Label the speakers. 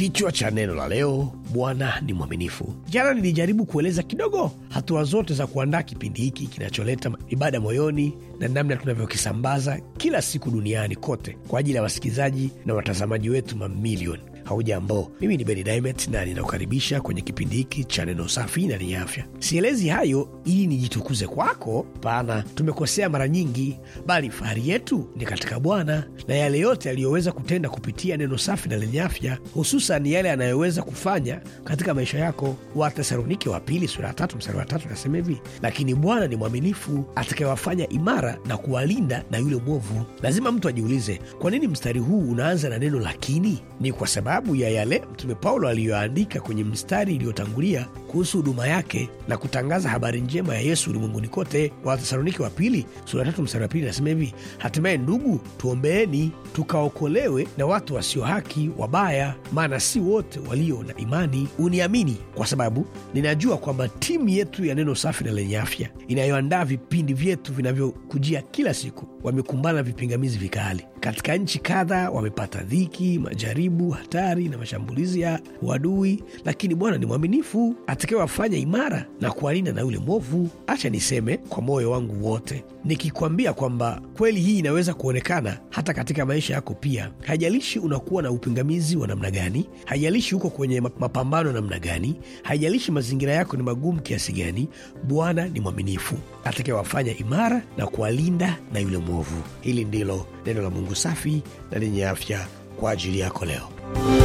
Speaker 1: Kichwa cha neno la leo, Bwana ni mwaminifu. Jana nilijaribu kueleza kidogo hatua zote za kuandaa kipindi hiki kinacholeta ibada moyoni na namna tunavyokisambaza kila siku duniani kote kwa ajili ya wasikilizaji na watazamaji wetu mamilioni. Haujambo, mimi ni Beni Dimet na ninakukaribisha kwenye kipindi hiki cha neno safi na lenye afya. Sielezi hayo ili nijitukuze kwako, pana. Tumekosea mara nyingi, bali fahari yetu ni katika Bwana na yale yote aliyoweza kutenda kupitia neno safi na lenye afya, hususan yale anayoweza kufanya katika maisha yako. Wathesalonike wa pili sura ya tatu mstari wa tatu nasema hivi, lakini Bwana ni mwaminifu atakayewafanya imara na kuwalinda na yule mwovu. Lazima mtu ajiulize, kwa nini mstari huu unaanza na neno lakini? Ni kwa sababu sababu ya yale Mtume Paulo aliyoandika kwenye mstari iliyotangulia kuhusu huduma yake na kutangaza habari njema ya Yesu ulimwenguni kote. Wathesalonike wa pili sura tatu mstari wa pili inasema hivi: hatimaye ndugu, tuombeeni tukaokolewe na watu wasio haki wabaya, maana si wote walio na imani. Uniamini kwa sababu ninajua kwamba timu yetu ya neno safi na lenye afya inayoandaa vipindi vyetu vinavyokujia kila siku wamekumbana vipingamizi vikali katika nchi kadha, wamepata dhiki, majaribu hata hatari na mashambulizi ya uadui, lakini Bwana ni mwaminifu atakayewafanya imara na kuwalinda na yule mwovu. Acha niseme kwa moyo wangu wote, nikikwambia kwamba kweli hii inaweza kuonekana hata katika maisha yako pia. Haijalishi unakuwa na upingamizi wa namna gani, haijalishi uko kwenye mapambano namna gani, haijalishi mazingira yako ni magumu kiasi gani, Bwana ni mwaminifu atakayewafanya imara na kuwalinda na yule mwovu. Hili ndilo neno la Mungu safi na lenye afya kwa ajili yako leo. Bye.